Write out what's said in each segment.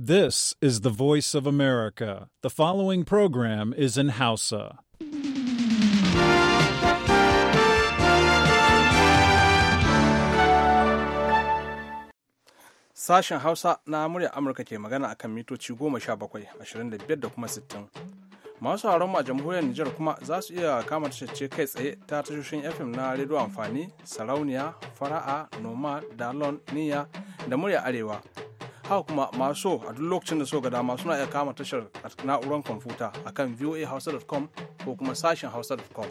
This is the voice of America. The following program is in Hausa. Sashen Hausa na murya Amurka ke magana a kan mitoci 17, da kuma 60. Masu mu a jamhuriyar Nijar kuma za su iya kama tashace kai tsaye ta tashoshin FM na rediyo amfani, sarauniya, fara'a, noma, dalon, niyya da murya arewa. haka kuma maso a duk lokacin da so ga dama suna iya kama tashar na'urar kwamfuta a akan voahouse.com ko kuma sashen hausa.com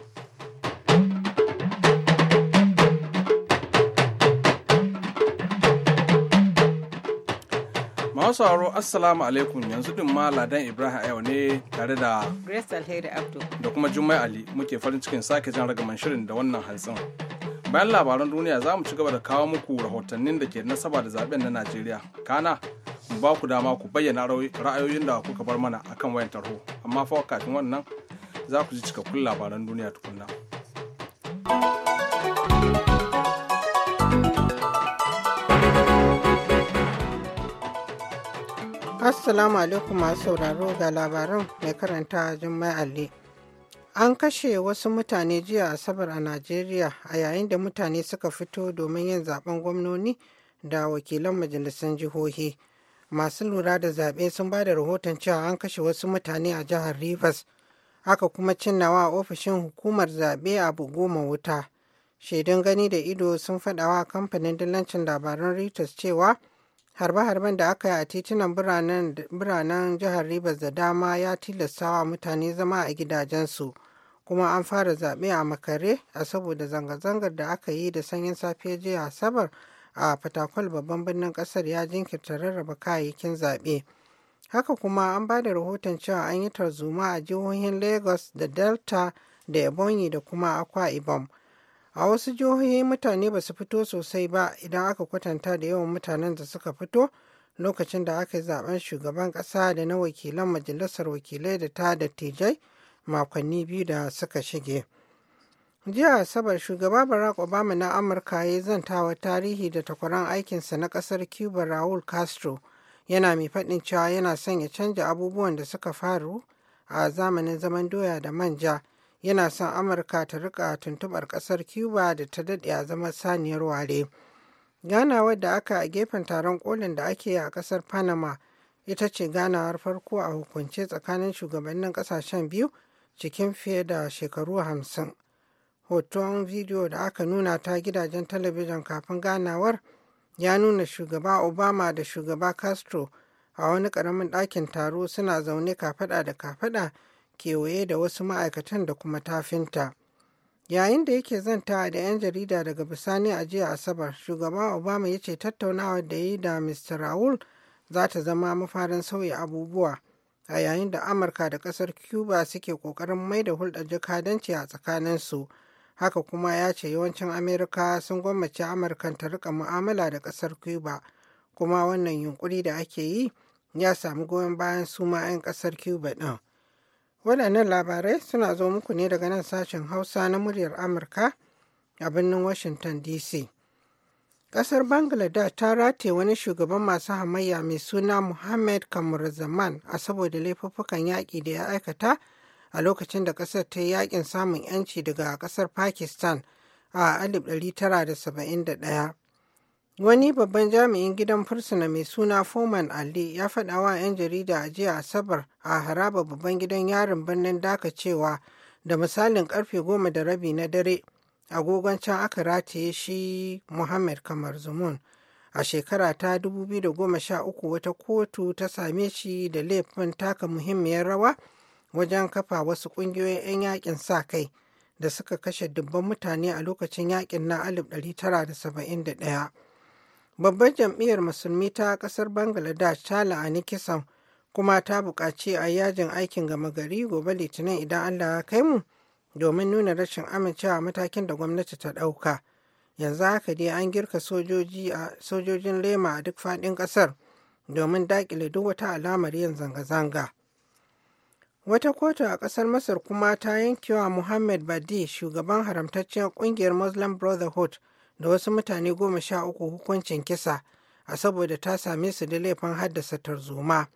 masu sauraro assalamu alaikum yanzu din ma ladan ibrahim yau ne tare da grace alheri abdu da kuma jummai ali muke farin cikin sake jan ragaman shirin da wannan hantsin bayan labaran duniya za mu ci gaba da kawo muku rahotannin da ke nasaba da zaben na najeriya kana mu ba ku dama ku bayyana ra'ayoyin da kuka bar mana akan wayan tarho amma fa kafin wannan za ku ji cikakkun labaran duniya tukunna assalamu alaikum masu sauraro ga labaran mai karanta jummai alli An kashe wasu mutane jiya Asabar a Najeriya a yayin da mutane suka fito domin yin zaben gwamnoni da wakilan Majalisar jihohi. Masu lura da zaɓe sun ba da rahoton cewa an kashe wasu mutane a jihar Rivers, aka kuma cinnawa a ofishin hukumar zaɓe a goma wuta. Shaidun gani da ido sun faɗawa kamfanin dillancin labaran Reuters cewa harbe-harben da aka yi a titunan biranen jihar Rivers da dama ya tilastawa mutane zama a gidajensu. kuma an fara zaɓe a makare a saboda zanga-zangar da aka yi da sanyin safiya jiya asabar a fatakwal babban birnin ƙasar ya jinkirta rarraba kayayyakin zaɓe haka kuma an ba da rahoton cewa an yi tarzoma a jihohin lagos da delta da ebonyi da kuma akwa ibom a wasu jihohi mutane ba su fito sosai ba idan aka kwatanta da yawan mutanen da suka fito lokacin da aka yi zaben shugaban ƙasa da na wakilan majalisar wakilai da ta dattijai makonni biyu da suka shige jiya asabar shugaba barack obama na amurka ya zantawa tarihi da takwaran aikinsa na kasar cuba raul castro yana mai faɗin cewa yana son ya canja abubuwan da suka faru a zamanin zaman doya da manja yana son amurka ta rika tuntubar kasar cuba da ta daɗe a zama saniyar ware ganawar da aka a gefen taron kolin da ake a kasar panama ita ce ganawar farko a hukunce tsakanin shugabannin ƙasashen biyu cikin fiye da shekaru hamsin. Hoton bidiyo da aka nuna ta gidajen talabijin kafin ganawar ya nuna shugaba Obama da shugaba Castro a wani karamin ɗakin taro suna zaune kafaɗa da kafaɗa kewaye da wasu ma'aikatan da kuma tafinta. Yayin da yake zanta da 'yan jarida daga bisani a jiya Asabar, shugaba Obama ya ce tattaunawa da yi da Mr. Raul za ta zama mafarin sauya abubuwa. a yayin da amurka da kasar cuba suke kokarin da hulɗar jakadanci a tsakaninsu haka kuma ya ce yawancin Amurka sun gwammace amurkan ta rika mu'amala da kasar cuba kuma wannan yunkuri da ake yi ya samu goyon bayan su ma 'yan kasar cuba ɗin waɗannan labarai suna zo muku ne daga nan sashen hausa na muryar amurka a birnin washington dc Ƙasar Bangladesh ta rataye wani shugaban masu hamayya mai suna Muhammad zaman a saboda laifuffukan yaƙi da ya aikata a lokacin da ƙasar ta yi yaƙin samun 'yanci daga ƙasar Pakistan a 1971. Wani babban jami'in gidan fursuna mai suna Foman Ali ya faɗa wa 'yan jarida a jiya Asabar a haraba babban gidan yarin birnin Dhaka cewa da misalin ƙarfe goma da rabi na dare. agogon can aka rataye shi Muhammad Kamar Zumun. A shekara ta 2013 wata kotu ta same shi da laifin taka muhimmiyar rawa wajen kafa wasu ƙungiyoyin 'yan yakin sa kai da suka kashe dubban mutane a lokacin yakin na 1971. Babban jam'iyyar musulmi ta ƙasar Bangladesh ta la'ani kisan kuma ta buƙaci a yajin aikin gama gari gobe litinin idan Allah ya kai mu. domin nuna rashin amincewa matakin da gwamnati ta ɗauka. Yanzu haka dai an girka sojojin lema a duk faɗin ƙasar domin daƙile duk wata alamar yin zanga-zanga. Wata kotu a ƙasar Masar kuma ta yankewa Muhammad Badi shugaban haramtaccen ƙungiyar Muslim Brotherhood da wasu mutane goma sha uku hukuncin kisa a saboda ta same su da laifin haddasa tarzoma.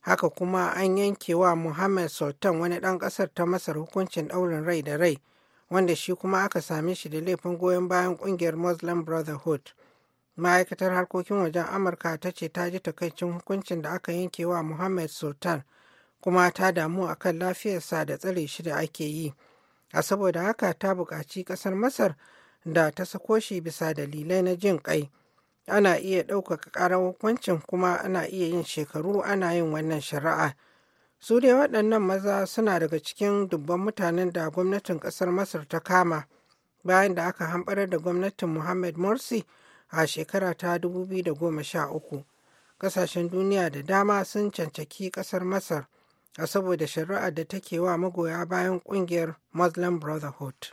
haka kuma an yanke wa Mohammed Sultan wani ɗan ƙasar ta Masar hukuncin ɗaurin rai da rai wanda shi kuma aka same shi da laifin goyon bayan ƙungiyar Muslim Brotherhood. Ma'aikatar harkokin wajen Amurka ta ce ta ji takaicin hukuncin da aka yanke wa Mohammed Sultan kuma ta damu a kan lafiyarsa da tsare shi da ake yi. A saboda haka ta buƙaci ƙasar Masar da ta sako shi bisa dalilai na jin ƙai. ana iya ɗaukaka ƙarar hukuncin kuma ana iya yin shekaru ana yin wannan shari'a su dai waɗannan maza suna daga cikin dubban mutanen da gwamnatin ƙasar masar ta kama bayan da aka hamɓarar da gwamnatin muhammad morsi a shekara ta 2013 ƙasashen duniya da dama sun cancaki ƙasar masar a saboda shari'ar da take wa magoya bayan ƙungiyar muslim brotherhood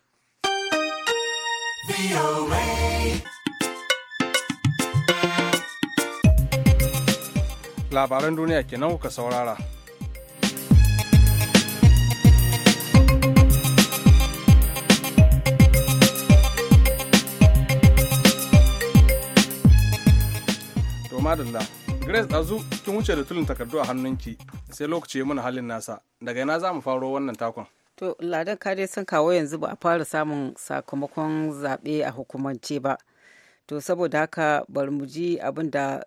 labaran duniya kenan kuka saurara madalla grace ɗazu kin wuce da tulin takardu a hannunki sai lokaci mana halin nasa daga ina za mu faro wannan takon to ladan ka dai san kawo yanzu ba a fara samun sakamakon zaɓe a hukumance ba to saboda haka bari mu ji abin da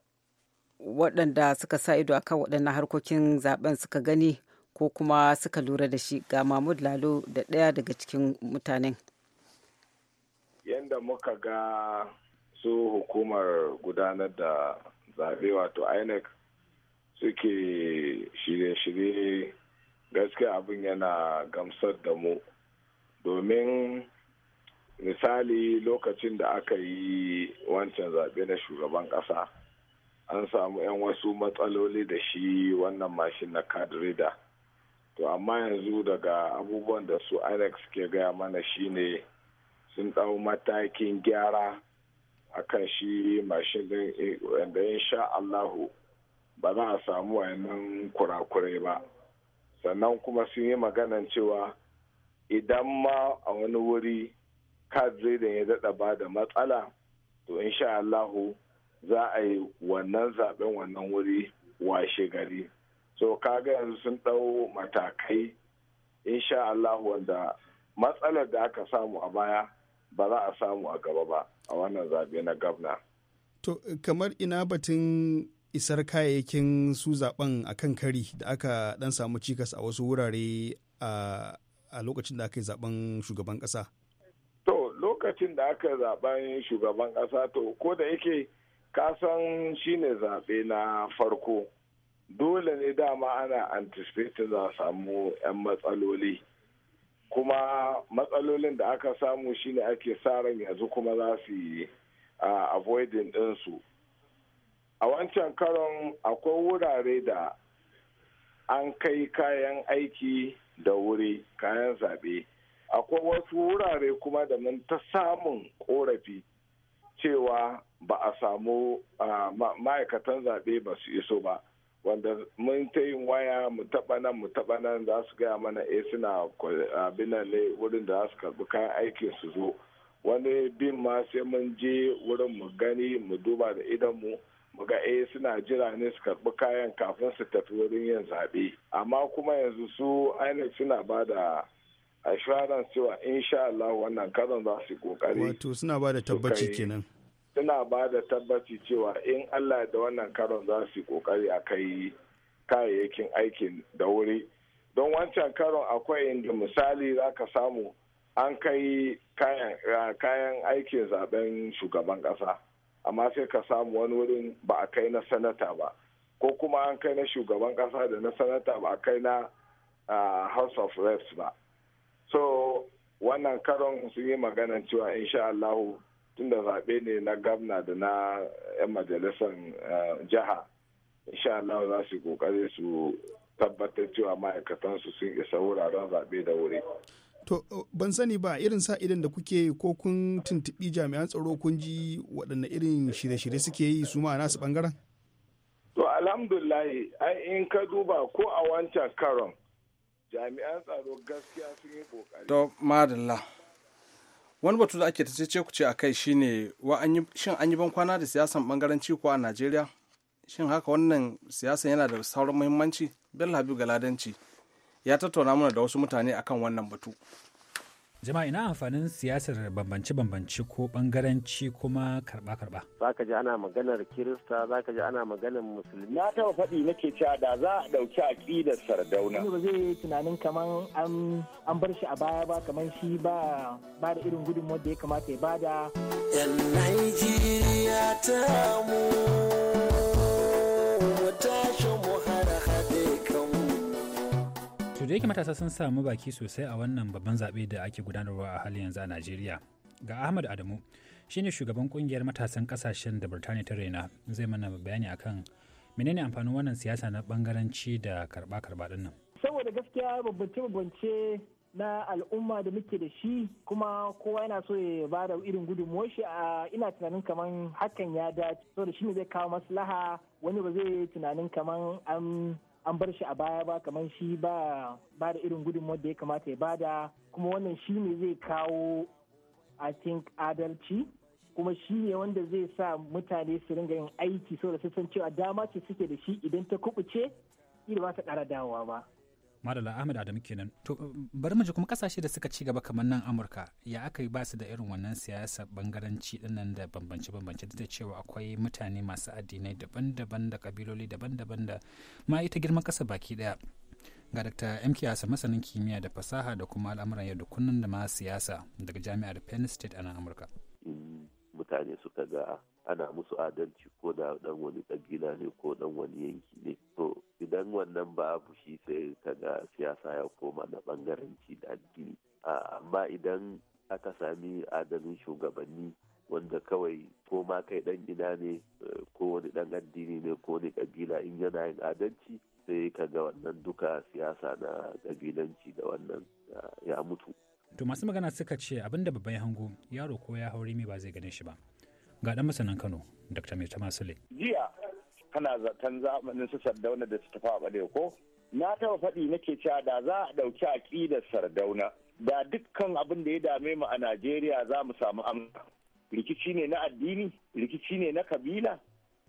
waɗanda suka sa ido a kan waɗannan harkokin zaben suka gani ko kuma suka lura da shi ga mahmud lalo da ɗaya daga cikin mutanen yadda muka ga su hukumar gudanar da zaɓe wato inec suke shirye-shirye gaskiya abin yana gamsar da mu domin misali lokacin da aka yi wancan zaɓe na shugaban ƙasa an samu 'yan wasu matsaloli da shi wannan mashin na kadrida to amma yanzu daga abubuwan da su alex ke gaya mana shine sun ɗau matakin gyara a kan shi mashin din eh, wanda insha Allahu ba za a samu wayannan kurakurai ba sannan kuma sun yi maganan cewa idan ma a wani wuri kadreda ya daɗa ba da matsala to insha Allahu za a yi wannan zaben wannan wuri washe gari so kaga yanzu sun ɗau matakai insha Allah wanda matsalar da aka samu a baya ba za a samu a gaba ba a wannan zaɓe na gabna. To kamar ina batun isar kayayyakin su zaben a kan kari da aka ɗan samu cikas a wasu wurare a lokacin da aka yi zaben shugaban ƙasa? To lokacin da aka zaben shugaban ƙasa to ko da yake kasan shi ne zaɓe na farko dole ne dama ana anticipate za a samu 'yan matsaloli kuma matsalolin da aka samu shi ne ake sa ran yanzu kuma za su yi avoiding ɗinsu a wancan karon akwai wurare da an kai kayan aiki da wuri kayan zaɓe akwai wasu wurare kuma da mun ta samun ƙorafi cewa ba a samu ma'aikatan zaɓe ba su iso ba wanda mun ta yin waya mu taɓa nan mu taɓa nan za su gaya mana eh suna ne wurin da za su karɓi kayan aikin su zo wani bin ma sai mun je wurin mu gani mu duba da idan mu ga eh suna jira ne su karɓi kayan kafin su tafi wurin yin zaɓe amma kuma yanzu su ainihin suna ba da assurance cewa insha Allah wannan karon za su kokari wato suna ba da tabbaci kenan suna ba da tabbaci cewa in Allah da wannan karon za su kokari a kai kayayyakin aikin da wuri don wancan karon akwai inda misali za ka samu an kai kayan aikin zaben shugaban ƙasa amma sai ka samu wani wurin ba a kai na sanata ba ko kuma an kai na shugaban ƙasa da na sanata ba a kai na house of reps ba so wannan karon sun yi maganan cewa insha tun tunda zaɓe ne na gabna da na 'yan majalisar eh, jiha insha Allah za su kokari su tabbatar cewa ma'aikatan su sun isa wuraren zaɓe da wuri. To ban sani ba irin sa idan da kuke ko kun tuntuɓi jami'an tsaro kun ji waɗanne irin shirye-shirye suke yi su ma nasu ɓangaren? To alhamdulillah ai in ka duba ko a wancan karon jami'an tsaro gaskiya sun yi kokari to madalla wani batu da ake ta ce ku ce a kai shine shin an yi ban kwana da siyasan bangaranci ko a najeriya shin haka wannan siyasan yana da sauran muhimmanci bello habib galadanci ya tattauna mana da wasu mutane akan wannan batu jama'a ina amfanin siyasar bambance-bambance ko bangaranci kuma karba-karba zaka ji ana maganar kirista zaka ji ana maganar musulmi na taba faɗi nake cewa da za a ɗauki aƙidar sardauna ba zai tunanin kaman an bar shi a baya ba kaman shi ba ba da irin gudunmawar da ya kamata ya bada yan Najeriya ta mu da yake matasa sun samu baki sosai a wannan babban zaɓe da ake gudanarwa a halin yanzu a najeriya ga ahmad adamu shi ne shugaban kungiyar matasan kasashen da birtaniya ta raina zai mana bayani akan menene amfanin wannan siyasa na bangaranci da karba-karba din nan saboda gaskiya babbance-babbance na al'umma da muke da shi kuma kowa yana so ya ba da irin gudunmuwar shi a ina tunanin kaman hakan ya dace saboda shi ne zai kawo maslaha wani ba zai tunanin kaman an an bar shi a baya ba kamar shi ba ba da irin gudunmawar da ya kamata ya bada kuma wannan shi ne zai kawo i think adalci kuma shi ne wanda zai sa mutane su ringa yin aiki saboda su san cewa dama ce suke da shi idan ta kubuce ba ta kara dawowa ba madala ahmed adamu kenan to bari mu ji kuma kasashe da suka ci gaba kamar nan amurka ya aka yi basu da irin wannan siyasa bangaranci dinnan da bambance bambance da cewa akwai mutane masu addinai daban-daban da kabiloli daban-daban da ma ita girman kasa baki daya ga dr mk asa masanin kimiyya da fasaha da kuma al'amuran yau da kullum da ma siyasa daga jami'ar penn state a nan amurka mm, mutane suka ga ana musu adalci ko da dan wani kabila ne ko dan wani yanki ne to idan wannan babu shi sai ga siyasa ya koma na bangaranci da addini amma idan aka sami adalin shugabanni wanda kawai ko ma kai dan gida ne eh, ko wani dan addini ne ko wani kabila in yana yin adalci sai ka ga wannan duka siyasa na kabilanci da wannan eh, ya mutu to masu magana suka ce abinda babban hango yaro ko ya haure me ba zai gane shi ba ga dan masanin Kano Dr. mirta masule Jiya kana zaton zamanin su Sardauna da su tafa ɓade ko? Na taɓa faɗi nake cewa da za a ɗauki aƙidar Sardauna da dukkan abin da ya dame mu a Najeriya za mu samu amsa. Rikici ne na addini, rikici ne na kabila,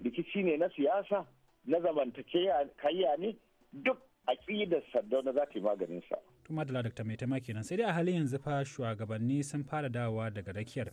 rikici ne na siyasa, na zamantakewa kayya ne duk aƙidar Sardauna za ta yi sa. to madala dr mai tema kenan sai dai a halin yanzu fa shugabanni sun fara dawowa daga rakiyar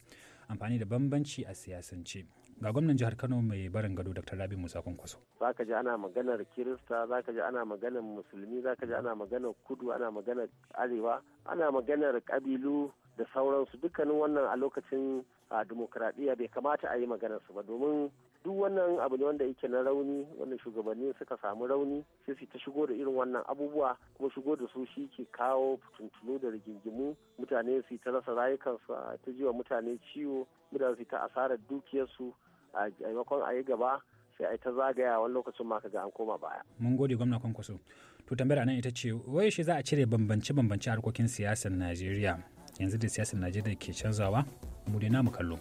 amfani da bambanci a siyasance ga gwamnan jihar kano mai barin gado dr rabi musa kwankwaso za ka ji ana maganar kirista za ka ji ana maganar musulmi za ka ji ana maganar kudu ana maganar arewa ana maganar kabilu da sauransu dukkanin wannan a lokacin a dimokuraɗiyya bai kamata a yi maganarsu ba domin duk wannan abu ne wanda yake na rauni wanda shugabanni suka samu rauni sai su ta shigo da irin wannan abubuwa kuma shigo da su shi ke kawo fitintunu da rigingimu mutane su ta rasa rayukansu a ta jiwa mutane ciwo mutane su ta asarar dukiyarsu a maimakon a yi gaba sai a ta zagaya wani lokacin ma ga an koma baya. Mun gode gwamna kwankwaso. To tambayar nan ita ce wai shi za a cire bambance-bambance harkokin siyasar Najeriya yanzu da siyasar Najeriya ke canzawa mu dai namu kallo.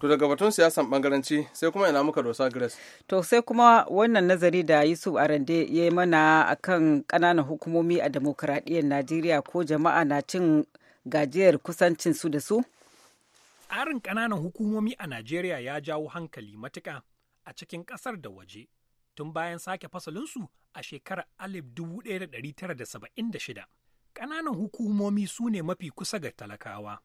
To daga batun siyasan bangaranci sai kuma ina muka dosa Grace. To sai kuma wannan nazari da Yusuf Arande ya yi mana akan ƙananan hukumomi a demokuraɗiyyar Najeriya ko jama'a na cin gajiyar kusancin su da su? Tsarin ƙananan hukumomi a Najeriya ya jawo hankali matuka a cikin ƙasar da waje tun bayan sake fasalinsu a shekarar 1976. Ƙananan hukumomi su ne mafi kusa ga talakawa,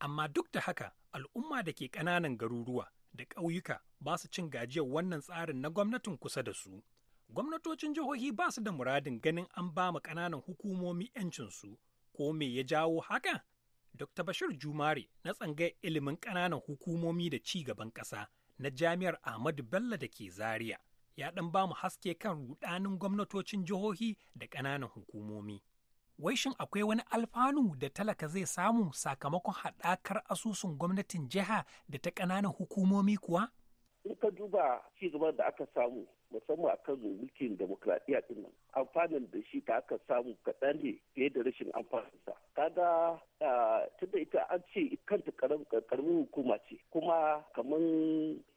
amma duk da haka al'umma da ke ƙananan garuruwa da ƙauyuka ba su cin gajiyar wannan tsarin na gwamnatin kusa da su. Gwamnatocin jihohi ba su da muradin ganin an ba mu ƙananan hukumomi 'yancinsu, ko me ya jawo haka? Dr. Bashir Jumare na tsangayar ilimin ƙananan hukumomi da ci gaban ƙasa na Jami'ar Ahmadu Bello da ke Zaria ya ɗan ba mu haske kan rudanin gwamnatocin jihohi da ƙananan hukumomi. wai shin akwai wani alfanu da talaka zai samu sakamakon haɗakar asusun gwamnatin jiha da ta ƙananan hukumomi kuwa? In ka duba ci gaban da aka samu musamman akan mulkin demokradiyya din nan amfanin da shi da aka samu kaɗan ne fiye da rashin amfaninsa kaga tunda ita an ce kanta karamin hukuma ce kuma kamar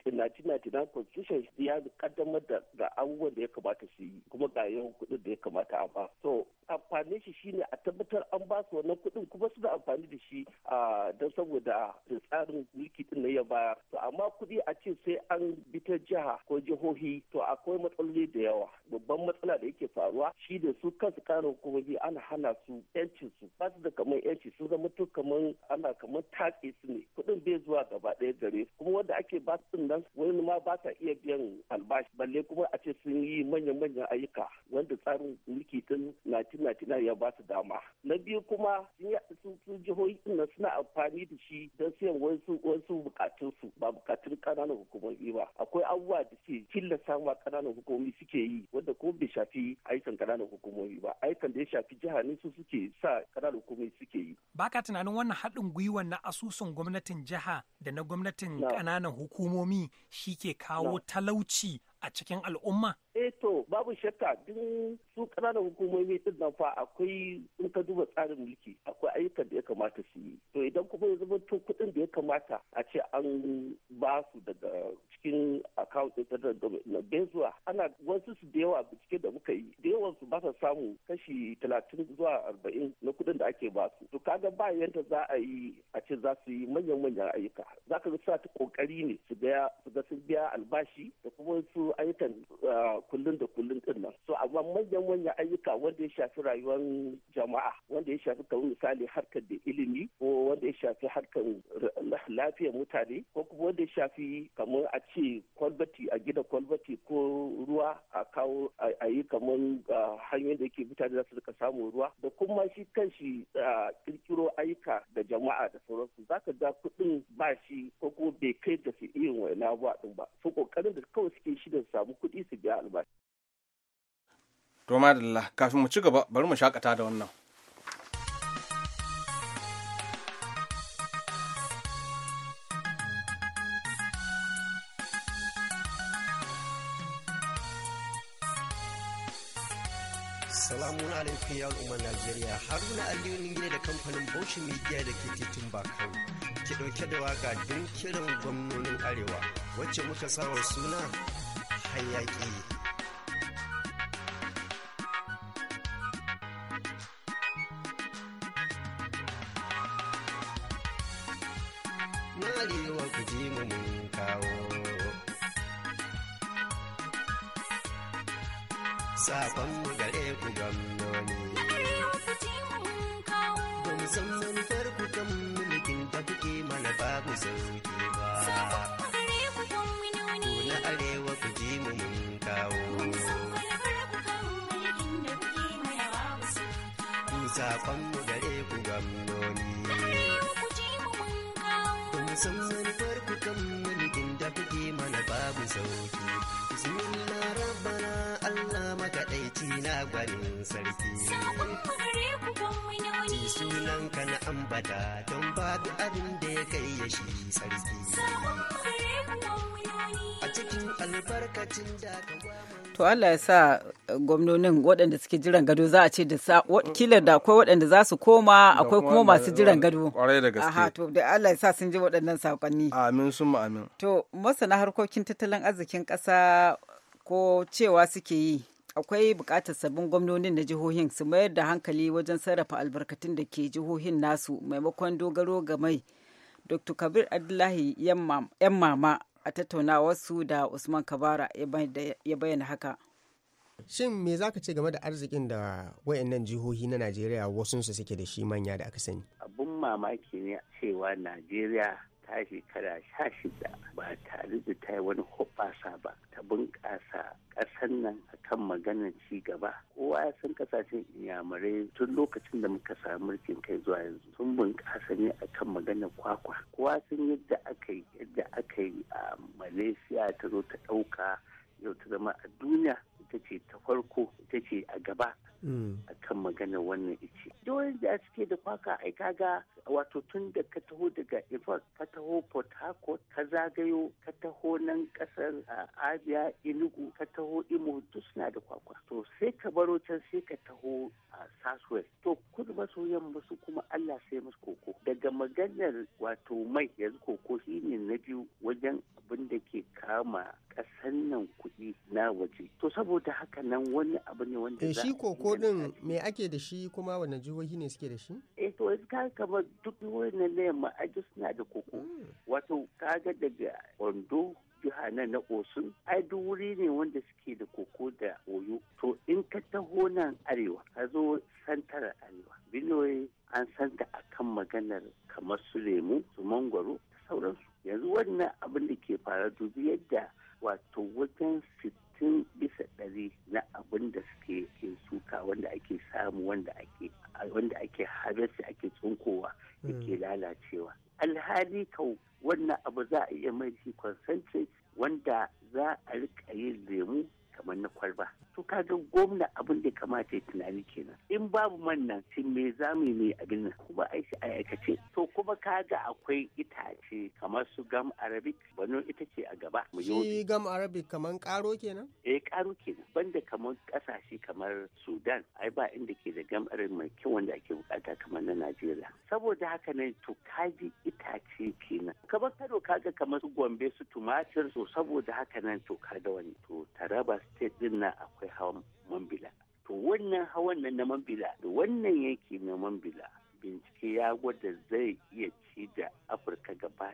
tinatina constitution ya kaddamar da abubuwan da ya kamata su yi kuma ga yawan kuɗin da ya kamata a ba so amfanin shi shine a tabbatar an ba su wannan kuɗin kuma suna amfani da shi don saboda tsarin mulki din na ya baya to amma kuɗi a ce sai an bi ta jiha ko jihohi to akwai matsaloli da yawa babban matsala da yake faruwa shi da su kansu karin hukumomi ana hana su yancin su ba su da kamar yanci sun zama to kamar ana kamar tatse su ne kuɗin bai zuwa gaba ɗaya gare kuma wanda ake ba su nan wani ma ba ta iya biyan albashi balle kuma a ce sun yi manya-manyan ayyuka wanda tsarin mulki tun 1999 ya ba su dama na biyu kuma sun jihohi na suna amfani da shi don siyan wasu wasu bukatun su ba bukatun kananan hukumomi ba akwai abubuwa da ke killa samuwa kananan hukumomi suke yi wanda ko bai shafi aikan kananan hukumomi ba aikan da ya shafi jiha ne su suke sa kananan hukumomi suke yi baka tunanin wannan haɗin gwiwa na asusun gwamnatin jiha da na gwamnatin kananan hukumomi shi ke kawo talauci a cikin al'umma eh to babu shakka duk su kananan hukumomi din nan fa akwai in ka duba tsarin mulki akwai ayyukan da ya kamata su yi to idan kuma ya zama to kuɗin da ya kamata a ce an ba su daga cikin account ɗin federal na zuwa ana wasu su da yawa bincike da muka yi da yawan su ba sa samu kashi talatin zuwa arba'in na kuɗin da ake ba su to kaga ba yadda za a yi a ce za su yi manyan manyan ayyuka za ka ga suna ta kokari ne su ga sun biya albashi da kuma su ayyukan kullun da kullun din nan so amma manyan manyan ayyuka wanda ya shafi rayuwar jama'a wanda ya shafi kamar misali harkar da ilimi shafi harkar lafiyar mutane ko kuma wanda ya shafi kamar a ce kwalbati a gina kwalbati ko ruwa a kawo a yi kamar hanyar da yake mutane za su rika samun ruwa da kuma shi kanshi kirkiro ayyuka da jama'a da sauransu za ka ga kuɗin ba shi ko kuma bai kai da su irin waina ba ɗin ba su ƙoƙarin da kawai suke shi da samu kuɗi su biya albashi. To madalla kafin mu ci gaba bari mu shakata da wannan. na alaikum yawon umar Najeriya Haruna Aliyu ne da kamfanin Bauchi Media da ke titin Bakau. Ki ɗauke da waka don kiran gwamnonin Arewa wacce muka sawa suna hayaki. ba su wuce ba. Na arewa ku ji mu mun kawo. mu gare ku gwamnoni. Kun san manufar ku kan mulkin da kuke mana babu sauki. Bismillah rabbana Allah makaɗaici na gwarin sarki. Sabon gare ku don wani wani. Sunan ka na ambata don babu abin da ya kai ya shi sarki. to Allah ya sa eh, gwamnonin waɗanda suke jiran gado za a ce da sa kila da akwai waɗanda za su koma akwai kuma masu jiran gado ƙwarai da gaske aha to da Allah ya sa sun ji waɗannan saƙonni amin sun amin to masana harkokin tattalin arzikin ƙasa ko cewa suke yi akwai buƙatar sabbin gwamnonin na jihohin su mayar da hankali wajen sarrafa albarkatun da ke jihohin nasu maimakon dogaro ga mai dr kabir abdullahi yan mama a tattauna wasu da usman kabara ya bayyana haka shin me za ka ce game da arzikin da wayannan jihohi na najeriya wasunsu suke da shi manya da aka sani abun mamaki ne cewa najeriya ta shekara sha shida ba tare da ta yi wani hoɓasa ba ta bunƙasa ƙasan nan akan maganar ci gaba kowa ya san kasashen inyamurai tun lokacin da muka samu mulkin kai zuwa yanzu sun bunƙasa ne a kan maganar kwakwa kowa sun yadda aka yi yadda aka yi a malaysia ta zo ta ɗauka yau ta zama a duniya ita ce ta farko ita ce a gaba mm. a kan magana wannan ice dole da suke da kwaka ai kaga wato tun da ka taho daga ifak ka taho port harcourt ka zagayo ka taho nan kasar abia inugu ka taho imo duk suna da kwakwa to sai ka baro can sai ka taho a southwest to kudu maso yamma su kuma allah sai musu koko daga maganar wato mai yanzu koko ne na biyu wajen abin da ke kama ƙasan nan kuɗi na waje to saboda haka nan wani abu ne wanda eh, za shi koko din me ake da shi kuma wanne jihohi ne suke da shi eh to ka kamar duk jihohin nan na yamma suna da koko hmm. wato kaga daga ondo jiha na na osun ai duk wuri ne wanda suke da koko da oyo to in ka taho nan arewa ka zo santar arewa binoyi an santa kan maganar kamar su lemu su mangwaro da sauransu yanzu wannan abin da ke fara dubi yadda wato wajen cikin bisa ɗari na abin da suke ke suka wanda ake samu wanda ake wanda ake harvest ake tsunkowa hmm. yake lalacewa alhali kau wannan abu za a iya mai shi wanda za a rika yin lemu kamar na kwalba to kaga gwamna abin da kamata ya tunani kenan in babu man nan shin me za mu yi abin nan kuma a shi a aikace to kuma kaga akwai itace kamar su gam arabic bano ita ce a gaba shi gam arabic kamar karo kenan eh karo kenan banda kamar kasashe kamar sudan ai ba inda ke da gam arabic mai kyau wanda ake bukata kamar na najeriya saboda haka ne to kaji itace kenan kamar kano kaga kamar su gombe su tumatir to saboda haka nan to kaga wani to taraba state din na akwai akwai hawan mambila to wannan hawan nan na mambila da wannan yanki na mambila bincike ya gwada zai iya ci da afirka gaba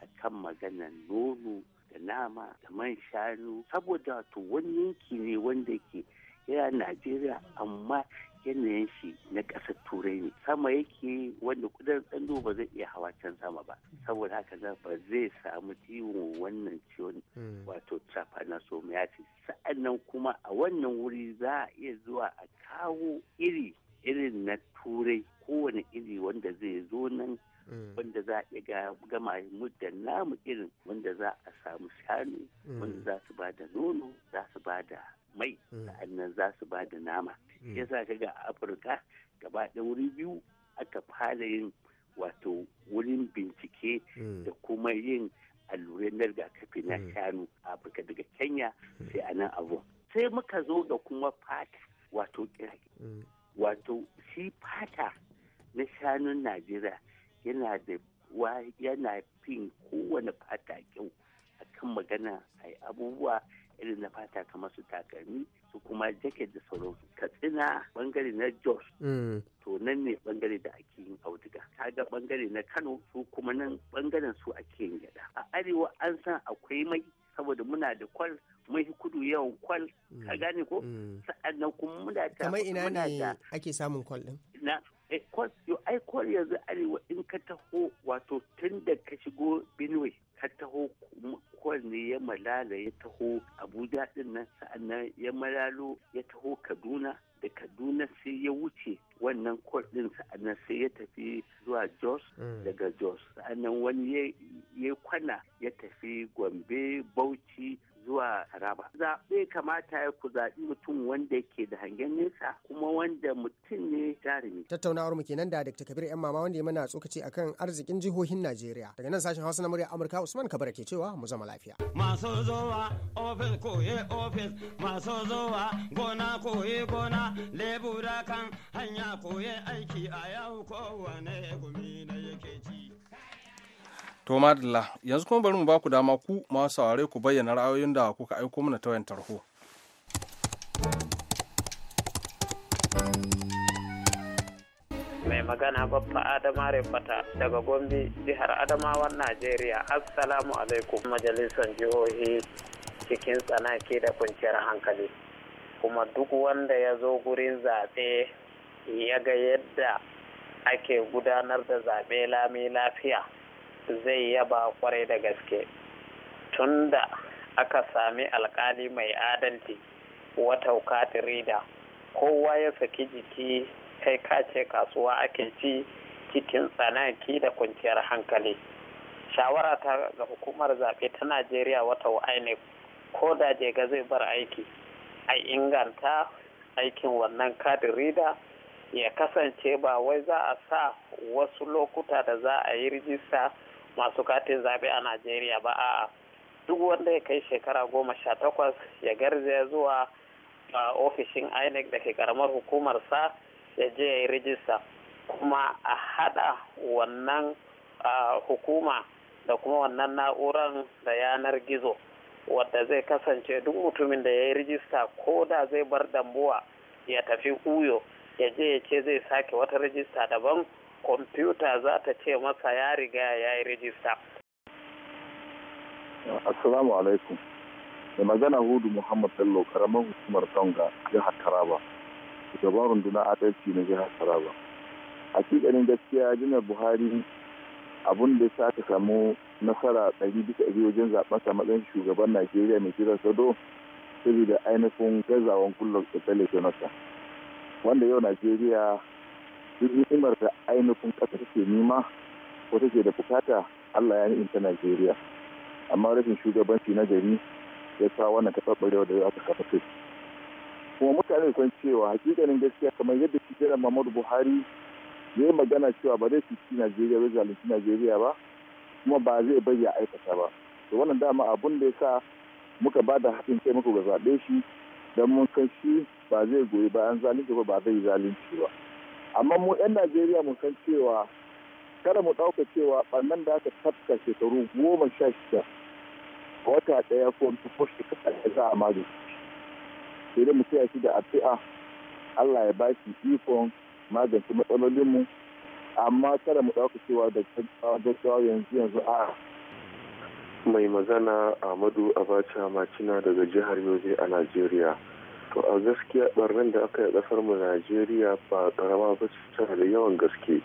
a kan maganar nono da nama da man shanu saboda to wani yanki ne wanda ke yana najeriya amma yanayin shi na ƙasar turai ne sama yake wanda kudan tsando ba zai iya hawa can sama ba saboda haka za ba zai samu ciwon wannan ciwon hmm. wato trypanosomiasis sa'annan kuma a wannan wuri za a iya zuwa a kawo iri irin na turai kowane iri wanda zai zo nan Mm. wanda za a gama mu da namu irin wanda za a samu shanu mm. wanda za su ba da nono za su ba da mai mm. sa'annan za su ba da nama yasa ka ga afirka gaba da wuri biyu aka fara yin wato wurin bincike da kuma yin alluran na rigakafi na shanu a afirka daga kenya sai a nan abu sai muka zo da kuma fata wato kiraki wato shi fata na shanun najeriya yana da wa yana fin kowane fata kyau akan magana a abubuwa irin na fata kamar su takalmi su kuma jacket da sauransu katsina bangare na jos mm. to nan ne bangare da ake yin auduga kaga bangare na kano su kuma nan bangaren su ake yin gyada a arewa an san akwai mai saboda muna da kwal mai kudu yawan kwal mm. ka gane ko mm. sa'annan kuma muna ta kamar ina ne ake samun kwal din na eh, kwal yo ai kwal yanzu arewa ka taho wato tun da ka shigo benue ka taho ne ya malala ya taho abuja din nan sa'annan ya malalo ya taho kaduna da kaduna sai ya wuce wannan din sa'annan sai ya tafi zuwa jos mm. daga jos sa'annan wani ya kwana ya tafi gombe kamata ya ku zaɓi mutum wanda ke da hangen nesa kuma wanda mutum ne jarumi. Tattaunawar mu kenan da Dr. Kabir yan mama wanda ya mana tsokaci akan arzikin jihohin Najeriya. Daga nan sashen Hausa na murya Amurka Usman Kabara ke cewa mu zama lafiya. Masu zuwa ofis koye ofis masu zuwa gona koye gona lebura kan hanya koye aiki a yau kowane gumi. To madalla yanzu kuma bari mu baku dama ku masu saurare ku bayyana ra'ayoyin da kuka aiko mana ta wayan tarho. mai magana babba adama rebata daga gombe jihar adamawan najeriya assalamu alaikum majalisar jihohi cikin tsanaki da kwanciyar hankali kuma duk wanda ya zo gurin zaɓe ya ga yadda ake gudanar da zaɓe lami lafiya zai yaba kwarai da gaske tunda aka sami alkali mai adalci wata katirida kowa ya saki jiki kai kace kasuwa ake ci cikin tsanaki da kwanciyar hankali shawara ta ga hukumar zaɓe ta najeriya wata inec ko da jega zai bar aiki a inganta aikin wannan kadirida ya kasance ba wai za a sa wasu lokuta da za a yi rijista masu katin zaɓe a najeriya ba a duk wanda ya kai shekara goma sha takwas ya garzaya zuwa ofishin inec da ke karamar sa ya je ya yi rijista kuma a haɗa wannan hukuma da kuma wannan na'urar da yanar gizo wadda zai kasance duk mutumin da ya yi rijista ko da zai bar dambuwa ya tafi uyo ya je ya ce zai sake wata rijista daban kwamfuta za ta ce masa ya riga ya yi rijista. Assalamu alaikum. Da magana Hudu Muhammad Bello karamin hukumar Tonga jihar Taraba. Shugaban rundunar adalci na jihar Taraba. cikin gaskiya Janar Buhari abun da ya sa samu nasara ɗari bisa ɗari wajen zaɓen sa matsayin shugaban Najeriya mai jiran Sado saboda ainihin gazawan kullum da Jonathan. Wanda yau Najeriya duk ni'imar da ainihin ƙasa take nema ko take da bukata Allah ya ta Najeriya amma rashin shugabanci na gari ya sa wannan taɓarɓarewa da aka kafa kai kuma mutane kan cewa hakikanin gaskiya kamar yadda shi jiran Muhammadu Buhari zai magana cewa ba zai fi Najeriya ba zalunci Najeriya ba kuma ba zai bari ya aikata ba to wannan dama abun da ya sa muka ba da haɗin kai muka zaɓe shi don mun san shi ba zai goyi bayan zalunci ba ba zai zalunci ba. amma mu 'yan najeriya mu san cewa kada mu ɗauka cewa ɓannan da aka tafka shekaru goma sha shida wata ɗaya ko ko shekara ya za a magance sai dai mu ya shi da addu'a Allah ya ba shi ikon magance matsalolinmu amma kada mu ɗauka cewa da gaggawa yanzu yanzu a mai magana Ahmadu Abacha Macina daga jihar Yobe a Najeriya. to a gaskiya barnan da aka yi kasar mu najeriya ba karama ba tana da yawan gaske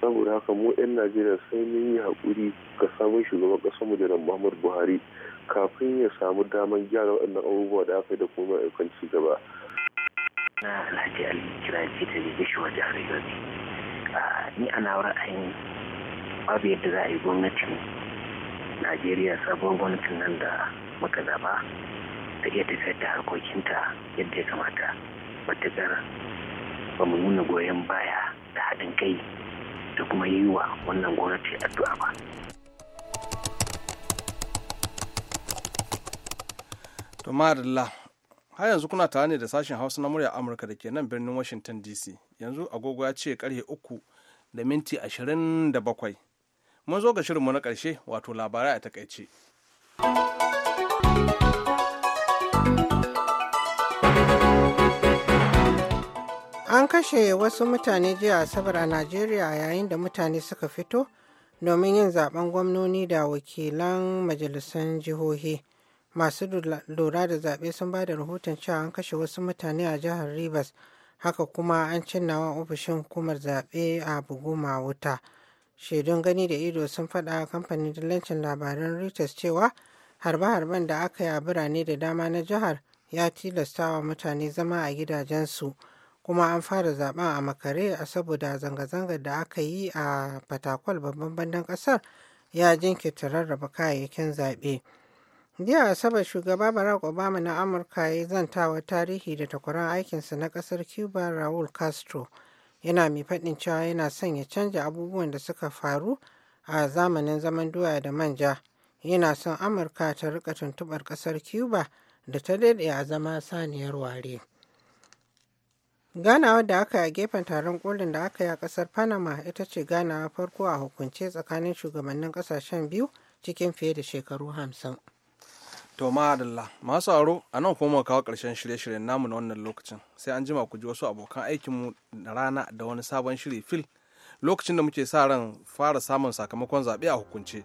saboda haka mu 'yan najeriya sai mun yi haƙuri ga samun shugaban ƙasar mu jiran muhammadu buhari kafin ya samu damar gyara waɗannan abubuwa da aka yi da kuma ayyukan ci gaba. na alhaji ali kira ce ta je gashi wa jihar yanzu ni ana ra'ayin babu yadda za a yi gwamnatin najeriya sabon gwamnatin nan da muka zaba ta iya tafiyar da harkokinta yadda ya kamata matuƙar ba mu nuna goyon baya da haɗin kai da kuma yi wa wannan gwamnati addu'a ba. To har yanzu kuna tare ne da sashen Hausa na murya Amurka da ke nan birnin Washington DC. Yanzu agogo ya ce karhe uku da minti ashirin da bakwai. Mun zo ga shirinmu na ƙarshe wato labarai a takaice. An kashe wasu mutane jiya Asabar a Najeriya yayin da mutane suka fito domin yin zaben gwamnoni da wakilan majalisan jihohi. Masu lura da zaɓe sun ba da rahoton cewa an kashe wasu mutane a jihar Rivers, haka kuma an cinnawa ofishin hukumar zaɓe a Buguma wuta. Shaidun gani da ido sun faɗa kamfanin dillancin labaran Reuters cewa harbe-harben da aka yi a birane da dama na jihar ya tilastawa mutane zama a gidajensu. kuma an fara zaben a makare a saboda zanga-zangar da aka yi a fatakwal babban bandan kasar ya ta rarraba kayayyakin zaɓe. jiya asabar shugaba barack obama na amurka ya zantawa tarihi da takwaran aikinsa na kasar cuba raul castro yana mai faɗin cewa yana son ya canja abubuwan da suka faru a zamanin zaman doya da manja yana son amurka ta rika tuntuɓar kasar cuba da ta daɗe a zama saniyar ware. ganawa da aka yi a gefen taron kolin da aka yi a kasar panama ita ce ganawa farko a hukunce tsakanin shugabannin kasashen biyu cikin fiye da shekaru hamsin to adalla masu aro a nan kuma kawo karshen shirye-shiryen namu na wannan lokacin sai an jima ku ji wasu abokan aikinmu da rana da wani sabon shiri fil lokacin da muke sa ran fara samun sakamakon zaɓe a hukunce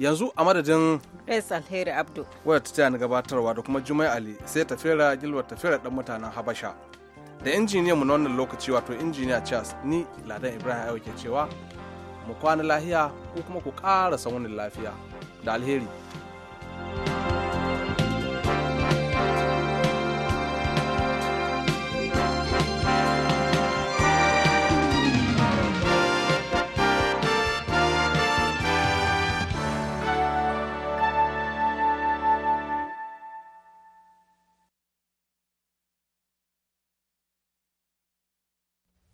yanzu a madadin Grace Alheri Abdu wadda ta gabatarwa da kuma Jumai Ali sai tafera gilwar tafera dan mutanen Habasha da injiniyan mu na wannan lokaci wato injiniya Charles ni Ladan Ibrahim Ayo ke cewa mu kwana lahiya ko kuma ku ƙara wani lafiya da alheri.